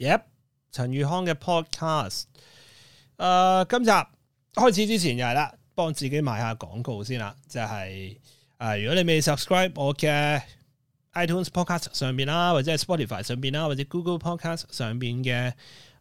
Yep，陳宇康嘅 podcast，誒、呃，今集開始之前又係啦，幫自己賣下廣告先啦，就係、是、誒、呃，如果你未 subscribe 我嘅 iTunes podcast 上邊啦，或者係 Spotify 上邊啦，或者 Google podcast 上邊嘅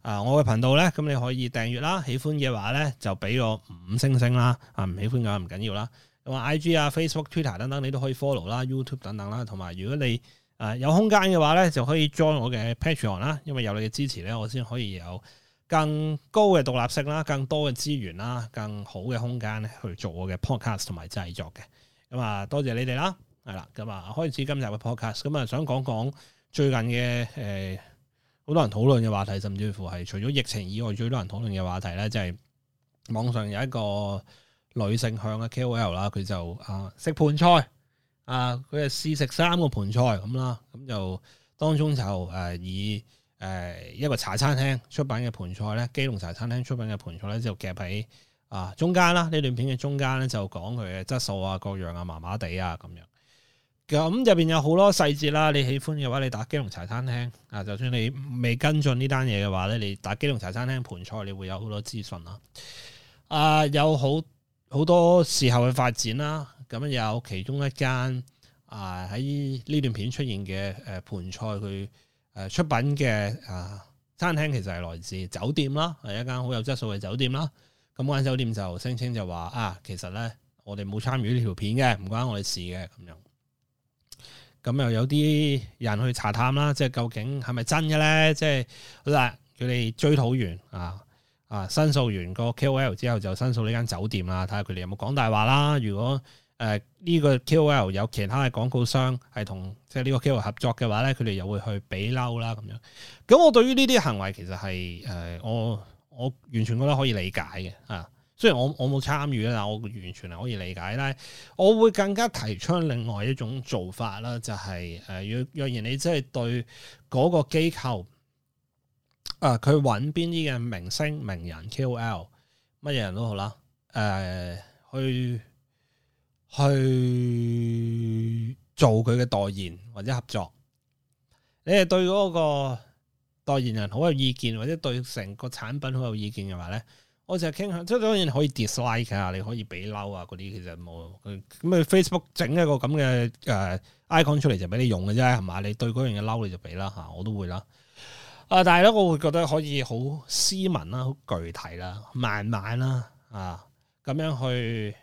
誒，我嘅頻道咧，咁你可以訂閱啦，喜歡嘅話咧就俾我五星星啦，啊，唔喜歡嘅話唔緊要啦，同埋 IG 啊、Facebook、Twitter 等等，你都可以 follow 啦，YouTube 等等啦，同埋如果你。啊，有空間嘅話咧，就可以 join 我嘅 Patreon 啦，因為有你嘅支持咧，我先可以有更高嘅獨立性啦，更多嘅資源啦，更好嘅空間咧，去做我嘅 podcast 同埋製作嘅。咁啊，多謝你哋啦，係啦，咁啊，開始今日嘅 podcast。咁啊，想講講最近嘅誒，好、呃、多人討論嘅話題，甚至乎係除咗疫情以外最多人討論嘅話題咧，就係網上有一個女性向嘅 KOL 啦，佢就啊食盤菜。啊！佢係試食三個盆菜咁啦，咁就當中就誒、呃、以誒、呃、一個茶餐廳出品嘅盆菜咧，基隆茶餐廳出品嘅盆菜咧就夾喺啊中間啦。呢段片嘅中間咧就講佢嘅質素啊、各樣啊麻麻地啊咁樣。咁入邊有好多細節啦、啊。你喜歡嘅話，你打基隆茶餐廳啊，就算你未跟進呢單嘢嘅話咧，你打基隆茶餐廳盆菜，你會有好多資訊啊。啊，有好好多時候嘅發展啦、啊。咁有其中一間啊喺呢段片出現嘅誒盤菜，佢誒出品嘅啊餐廳，其實係來自酒店啦，係、啊、一間好有質素嘅酒店啦。咁間酒店就聲稱就話啊，其實咧我哋冇參與呢條片嘅，唔關我哋事嘅咁樣。咁、啊、又有啲人去查探啦，即係究竟係咪真嘅咧？即係嗱，佢、啊、哋追討完啊啊申訴完個 KOL 之後，就申訴呢間酒店啦，睇下佢哋有冇講大話啦。如果誒，呢、呃呢個 KOL 有其他嘅廣告商係同即係呢個 KOL 合作嘅話咧，佢哋又會去俾嬲啦咁樣。咁我對於呢啲行為，其實係誒、呃，我我完全覺得可以理解嘅。啊，雖然我我冇參與啦，但係我完全係可以理解但係。我會更加提倡另外一種做法啦，就係、是、誒、呃，若然你真係對嗰個機構，啊、呃，佢揾邊啲嘅明星、名人、KOL，乜嘢人都好啦，誒、呃，去。去做佢嘅代言或者合作，你係對嗰個代言人好有意見，或者對成個產品好有意見嘅話咧，我就係傾向。即係當然可以 dislike 啊，你可以俾嬲啊，嗰啲其實冇，咁你 Facebook 整一個咁嘅誒 icon 出嚟就俾你用嘅啫，係嘛？你對嗰樣嘅嬲你就俾啦吓，我都會啦。啊，但係咧我會覺得可以好斯文啦，好具體啦，慢慢啦啊，咁樣去。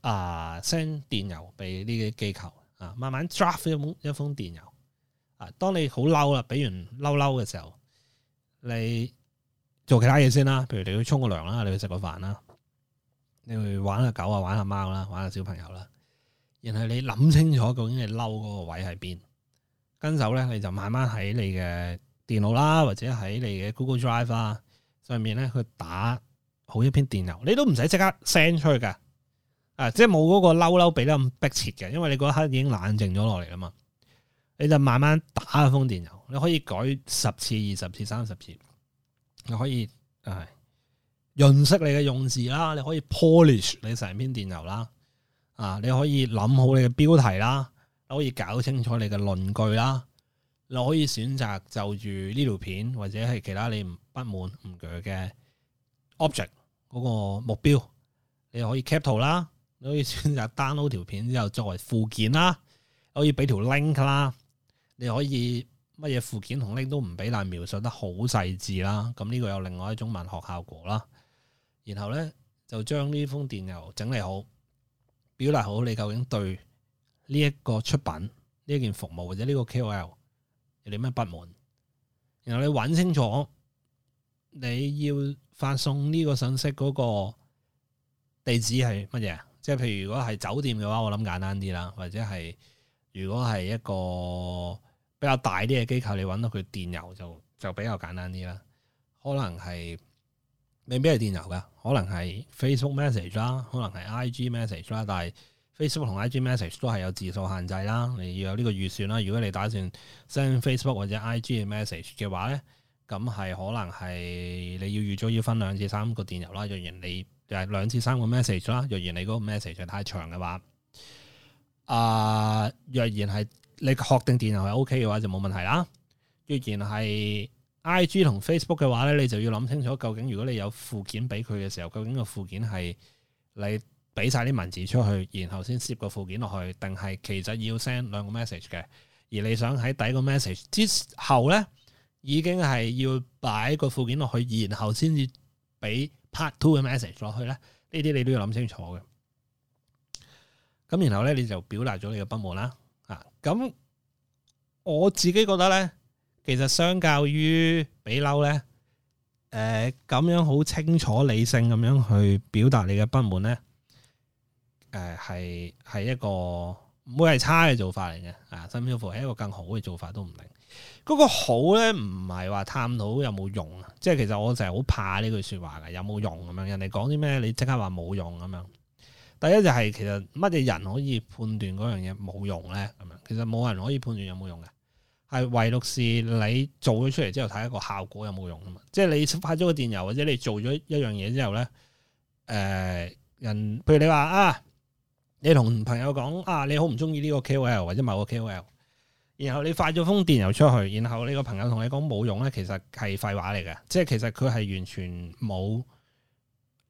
啊，send 電郵俾呢啲機構啊，慢慢 draft 一封一封電郵啊。當你好嬲啦，俾完嬲嬲嘅時候，你做其他嘢先啦，譬如你要沖個涼啦，你去食個飯啦，你去玩下狗啊，玩下貓啦，玩下小朋友啦。然後你諗清楚究竟你嬲嗰個位喺邊，跟手咧你就慢慢喺你嘅電腦啦，或者喺你嘅 Google Drive 啦上面咧去打好一篇電郵，你都唔使即刻 send 出去㗎。啊！即係冇嗰個嬲嬲俾得咁迫切嘅，因為你嗰刻已經冷靜咗落嚟啦嘛，你就慢慢打封電郵，你可以改十次、二十次、三十次，你可以唉，啊，係，潤色你嘅用字啦，你可以 polish 你成篇電郵啦，啊，你可以諗好你嘅標題啦，你可以搞清楚你嘅論據啦，你可以選擇就住呢條片或者係其他你唔不滿唔具嘅 object 嗰個目標，你可以 cap 圖啦，你可以選擇 download 條片之後作為附件啦，可以俾條 link 㗎啦，你可以乜嘢附件同 link 都唔俾，但描述得好細緻啦。咁呢個有另外一種文學效果啦。然後咧就將呢封電郵整理好，表達好你究竟對呢一個出品、呢一件服務或者呢個 KOL 有啲咩不滿。然後你揾清楚你要發送呢個信息嗰個地址係乜嘢。即係譬如如果係酒店嘅話，我諗簡單啲啦，或者係如果係一個比較大啲嘅機構，你揾到佢電郵就就比較簡單啲啦。可能係未必係電郵㗎，可能係 Facebook message 啦，可能係 IG message 啦。但係 Facebook 同 IG message 都係有字數限制啦，你要有呢個預算啦。如果你打算 send Facebook 或者 IG 嘅 message 嘅話咧，咁係可能係你要預咗要分兩至三個電郵啦，讓完你。就係兩至三個 message 啦。若然你嗰個 message 太長嘅話，啊，若然係你確定電郵係 OK 嘅話，就冇問題啦。若然係 IG 同 Facebook 嘅話咧，你就要諗清楚究竟如果你有附件俾佢嘅時候，究竟個附件係你俾晒啲文字出去，然後先攝個附件落去，定係其實要 send 兩個 message 嘅？而你想喺第一個 message 之後咧，已經係要擺個附件落去，然後先至俾。part two 嘅 message 落去咧，呢啲你都要諗清楚嘅。咁然後咧，你就表達咗你嘅不滿啦。啊，咁我自己覺得咧，其實相較於比嬲咧，誒、呃、咁樣好清楚理性咁樣去表達你嘅不滿咧，誒係係一個唔會係差嘅做法嚟嘅。啊，甚至乎係一個更好嘅做法都唔定。嗰個好咧，唔係話探討有冇用啊。即係其實我成日好怕呢句說話嘅，有冇用咁樣？人哋講啲咩，你即刻話冇用咁樣。第一就係其實乜嘢人可以判斷嗰樣嘢冇用咧？咁樣其實冇人可以判斷有冇用嘅，係唯獨是你做咗出嚟之後睇一個效果有冇用啊。即係你發咗個電郵或者你做咗一樣嘢之後咧，誒、呃，人譬如你話啊，你同朋友講啊，你好唔中意呢個 KOL 或者某個 KOL。然後你發咗封電郵出去，然後你個朋友同你講冇用咧，其實係廢話嚟嘅，即係其實佢係完全冇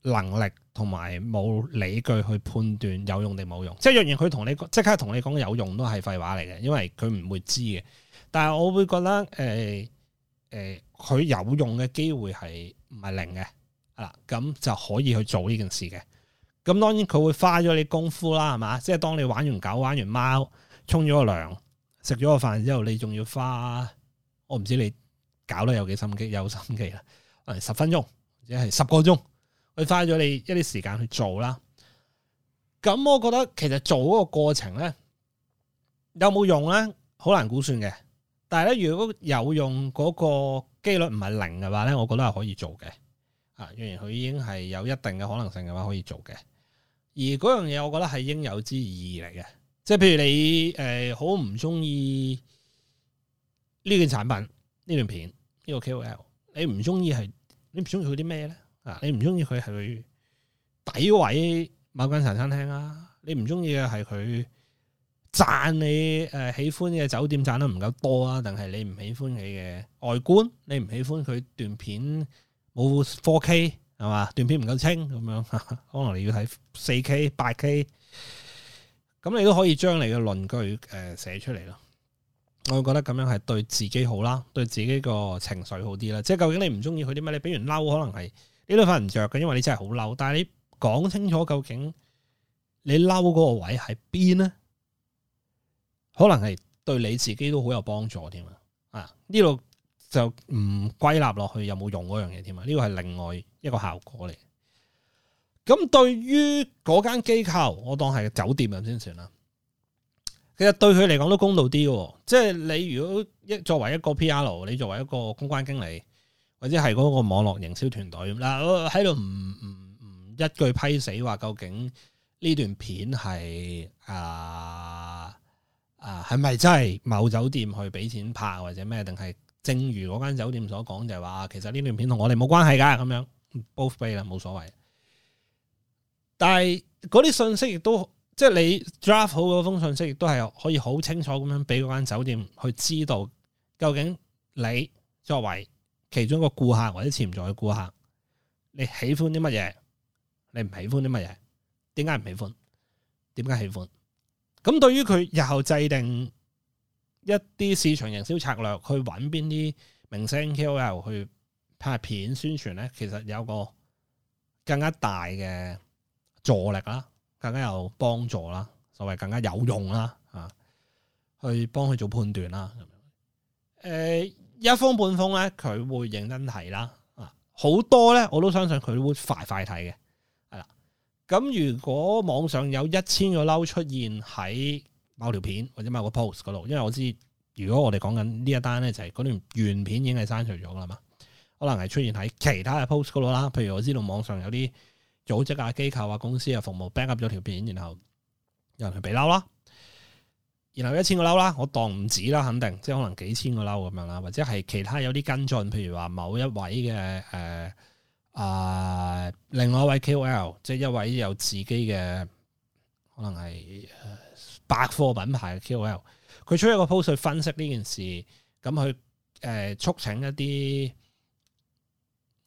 能力同埋冇理據去判斷有用定冇用。即係若然佢同你即刻同你講有用都係廢話嚟嘅，因為佢唔會知嘅。但係我會覺得誒誒，佢、呃呃、有用嘅機會係唔係零嘅，係啦，咁就可以去做呢件事嘅。咁當然佢會花咗你功夫啦，係嘛？即係當你玩完狗、玩完貓、沖咗個涼。食咗個飯之後，你仲要花，我唔知你搞得有幾心機，有心機啦。誒，十分鐘或者係十個鐘，去花咗你一啲時間去做啦。咁、嗯、我覺得其實做嗰個過程咧，有冇用咧，好難估算嘅。但係咧，如果有用嗰個機率唔係零嘅話咧，我覺得係可以做嘅。啊，既然佢已經係有一定嘅可能性嘅話，可以做嘅。而嗰樣嘢，我覺得係應有之義嚟嘅。即係譬如你誒，好唔中意呢件產品、呢段片、呢、這個 K O L，你唔中意係你唔中意佢啲咩咧？啊，你唔中意佢係詆毀某間茶餐廳啊？你唔中意嘅係佢讚你誒喜歡嘅酒店讚得唔夠多啊？定係你唔喜歡你嘅外觀，你唔喜歡佢段片冇 four K 係嘛？段片唔夠清咁樣，可能你要睇四 K 八 K。咁、嗯、你都可以將你嘅論據誒寫出嚟咯，我會覺得咁樣係對自己好啦，對自己個情緒好啲啦。即係究竟你唔中意佢啲咩？你比如嬲，可能係呢度瞓唔着嘅，因為你真係好嬲。但係你講清楚究竟你嬲嗰個位喺邊咧，可能係對你自己都好有幫助添啊！呢度就唔歸納落去有冇用嗰樣嘢添啊？呢個係另外一個效果嚟。咁對於嗰間機構，我當係酒店咁先算啦。其實對佢嚟講都公道啲，即係你如果一作為一個 P. R. 你作為一個公關經理，或者係嗰個網絡營銷團隊，嗱喺度唔唔唔一句批死話，究竟呢段片係啊啊係咪真係某酒店去俾錢拍，或者咩？定係正如嗰間酒店所講，就係話其實呢段片同我哋冇關係噶，咁樣 both way 啦，冇所謂。.但係嗰啲信息亦都即係你 draft 好嗰封信息，亦都係可以好清楚咁樣俾嗰間酒店去知道，究竟你作為其中一個顧客或者潛在嘅顧客，你喜歡啲乜嘢？你唔喜歡啲乜嘢？點解唔喜歡？點解喜歡？咁對於佢日後制定一啲市場營銷策略，去搵邊啲明星 KOL 去拍片宣傳咧，其實有個更加大嘅。助力啦，更加有幫助啦，所謂更加有用啦，吓、啊，去幫佢做判斷啦。誒、 呃，一封半封咧，佢會認真睇啦。啊，好多咧，我都相信佢會快快睇嘅。係啦，咁、啊、如果網上有一千個嬲，出現喺某條片或者某個 post 嗰度，因為我知如果我哋講緊呢一單咧，就係、是、嗰段原片已經係刪除咗啦嘛，可能係出現喺其他嘅 post 嗰度啦。譬如我知道網上有啲。組織啊、機構啊、公司啊、服務 back up 咗條片，然後有人去俾嬲啦，然後一千個嬲啦，我當唔止啦，肯定即係可能幾千個嬲咁樣啦，或者係其他有啲跟進，譬如話某一位嘅誒、呃、啊另外一位 KOL，即係一位有自己嘅可能係、呃、百貨品牌嘅 KOL，佢出一個 post 去分析呢件事，咁佢誒促請一啲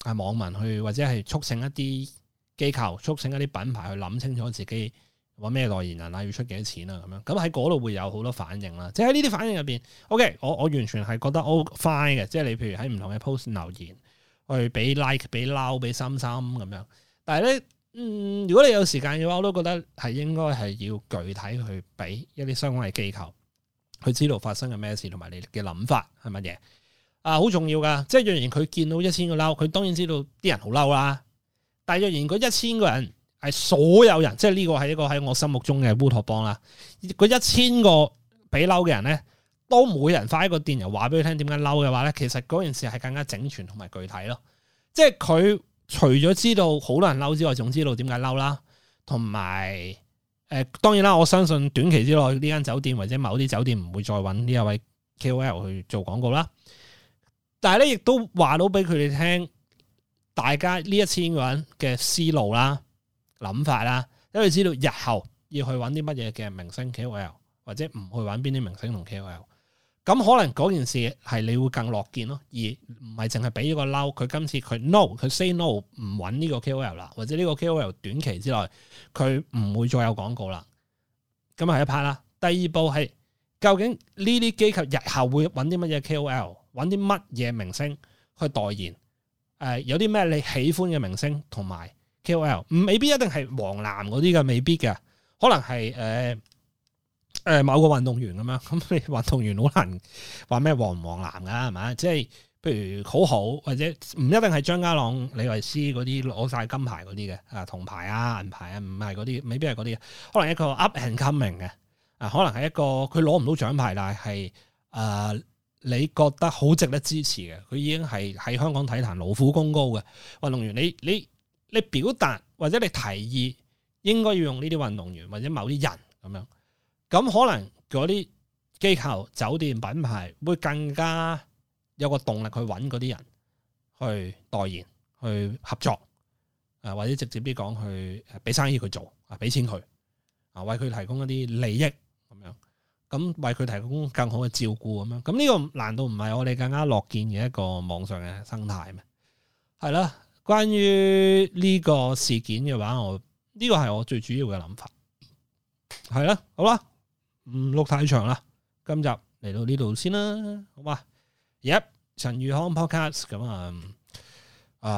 啊網民去，或者係促請一啲。機構促請一啲品牌去諗清楚自己揾咩代言人啊，要出幾多錢啊，咁樣咁喺嗰度會有好多反應啦。即係喺呢啲反應入邊，O K，我我完全係覺得 O fine 嘅，即係你譬如喺唔同嘅 post 留言去俾 like, like, like, like, like, like, like、俾嬲、俾心心咁樣。但係咧，嗯，如果你有時間嘅話，我都覺得係應該係要具體去俾一啲相關嘅機構，去知道發生嘅咩事同埋你嘅諗法係乜嘢啊，好重要噶。即係若然佢見到一千個嬲，佢當然知道啲人好嬲啦。但係若然嗰一千個人係所有人，即係呢個係一個喺我心目中嘅烏托邦啦。嗰一千個俾嬲嘅人咧，都每人發一個電郵話俾佢聽點解嬲嘅話咧，其實嗰件事係更加整全同埋具體咯。即係佢除咗知道好多人嬲之外，仲知道點解嬲啦。同埋誒，當然啦，我相信短期之內呢間酒店或者某啲酒店唔會再搵呢一位 KOL 去做廣告啦。但係咧，亦都話到俾佢哋聽。大家呢一次揾嘅思路啦、諗法啦，因為知道日後要去揾啲乜嘢嘅明星 KOL 或者唔去揾邊啲明星同 KOL，咁、嗯、可能嗰件事係你會更樂見咯，而唔係淨係俾咗個嬲佢。今次佢 no 佢 say no 唔揾呢個 KOL 啦，或者呢個 KOL 短期之內佢唔會再有廣告啦。咁、嗯、啊係一 part 啦。第二步係究竟呢啲機構日後會揾啲乜嘢 KOL，揾啲乜嘢明星去代言。誒、呃、有啲咩你喜歡嘅明星同埋 KOL，唔未必一定係黃藍嗰啲嘅，未必嘅，可能係誒誒某個運動員咁樣。咁、嗯、你運動員好難話咩黃唔黃藍㗎，係咪？即係譬如好好或者唔一定係張家朗、李慧詩嗰啲攞晒金牌嗰啲嘅啊，銅牌啊、銀牌啊，唔係嗰啲，未必係嗰啲，可能一個 up and coming 嘅啊、呃，可能係一個佢攞唔到獎牌但係誒。呃你覺得好值得支持嘅，佢已經係喺香港體壇勞苦功高嘅運動員。你你你表達或者你提議，應該要用呢啲運動員或者某啲人咁樣，咁可能嗰啲機構、酒店品牌會更加有個動力去揾嗰啲人去代言、去合作，誒或者直接啲講去俾生意佢做，啊俾錢佢，啊為佢提供一啲利益。咁為佢提供更好嘅照顧咁樣，咁、這、呢個難道唔係我哋更加樂見嘅一個網上嘅生態咩？係啦，關於呢個事件嘅話，我呢、這個係我最主要嘅諗法。係啦，好啦，唔錄太長啦，今集嚟到呢度先啦，好嘛？Yep, 陳宇康 podcast 咁、嗯、啊，啊、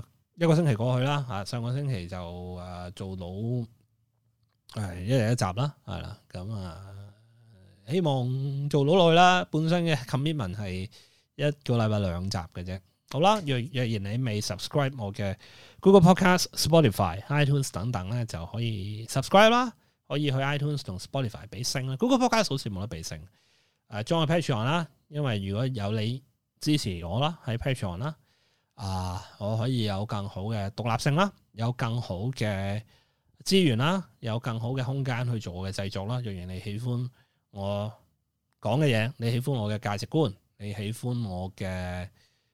呃、一個星期過去啦，啊上個星期就啊做到誒、哎、一日一集啦，係啦，咁、嗯、啊。希望做到耐啦，本身嘅 commitment 係一個禮拜兩集嘅啫。好啦，若若然你未 subscribe 我嘅 Google Podcast、Spotify、iTunes 等等咧，就可以 subscribe 啦，可以去 iTunes 同 Spotify 俾星啦。Google Podcast 好似冇得俾星。誒、呃，裝喺 Patreon 啦，因為如果有你支持我啦，喺 Patreon 啦，啊，我可以有更好嘅獨立性啦，有更好嘅資源啦，有更好嘅空間去做我嘅製作啦。若然你喜歡，我講嘅嘢，你喜歡我嘅價值觀，你喜歡我嘅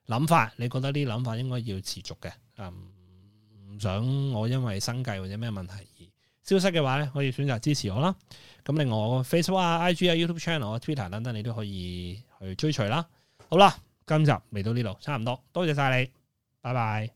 諗法，你覺得呢諗法應該要持續嘅，唔想我因為生計或者咩問題而消失嘅話咧，可以選擇支持我啦。咁另外 Facebook 啊、IG 啊、YouTube Channel 啊、Twitter 等等，你都可以去追隨啦。好啦，今集嚟到呢度，差唔多，多謝晒你，拜拜。